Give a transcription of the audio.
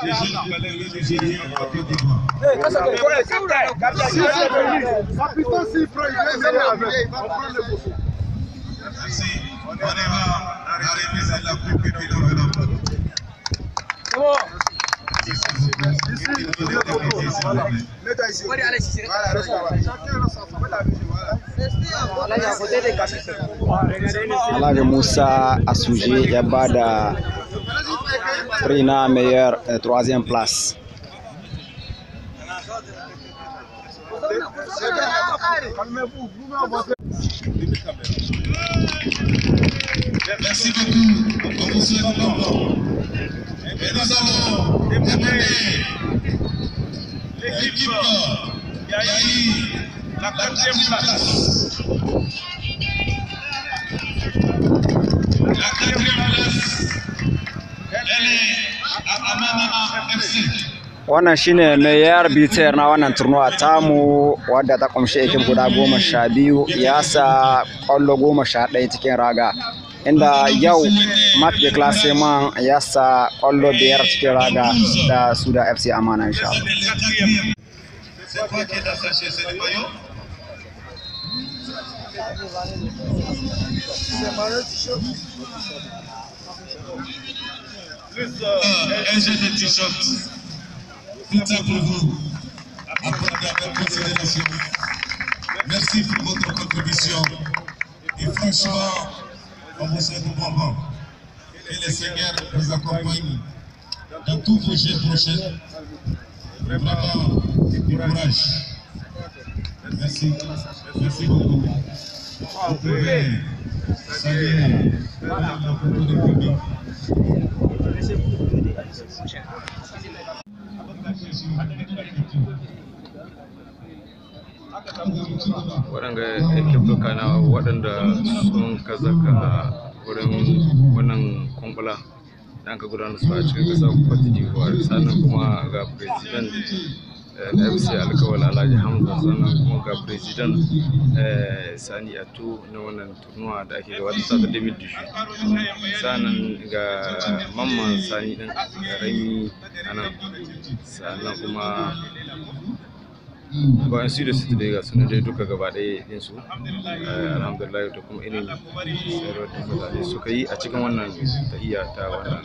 Merci. On est là. L'arrivée, c'est Musa Asuje ya Président meilleure euh, troisième place. Merci beaucoup. Nous vous souhaitons encore. Et nous allons déployer l'équipe qui a eu la quatrième place. wannan shine mai yar bitar na wannan turnuwa tamu wadda ta kumshi ekip guda goma sha biyu ya sa kwallo goma sha ɗaya cikin raga inda yau mat de classement ya sa kwallo biyar cikin raga da su da fc amana insha Allah Euh, un jeu de t-shirt. Tout ça pour vous. Après la considération. Merci pour votre contribution. Et franchement, on vous souhaite bon Et le Seigneur vous accompagne dans tous vos jeux prochains. Vraiment, du courage. Merci. Merci beaucoup. Vous pouvez saluer la public. waɗanda ekip na waɗanda sun kazaka wurin wannan kwambala da aka gudanar su a cikin kasar cote sannan kuma ga president mc eh, alkawal alhaji hamza sannan kuma ga president eh, sani ato na wannan turnuwa da ake da wata sata da shi sannan ga mamman sani ɗin karami a nan sannan kuma bayan su da su da ga suna dai duka gaba ɗaya yin su eh, alhamdulillah da kuma irin sayarwa da mutane suka yi a cikin wannan tahiya ta wannan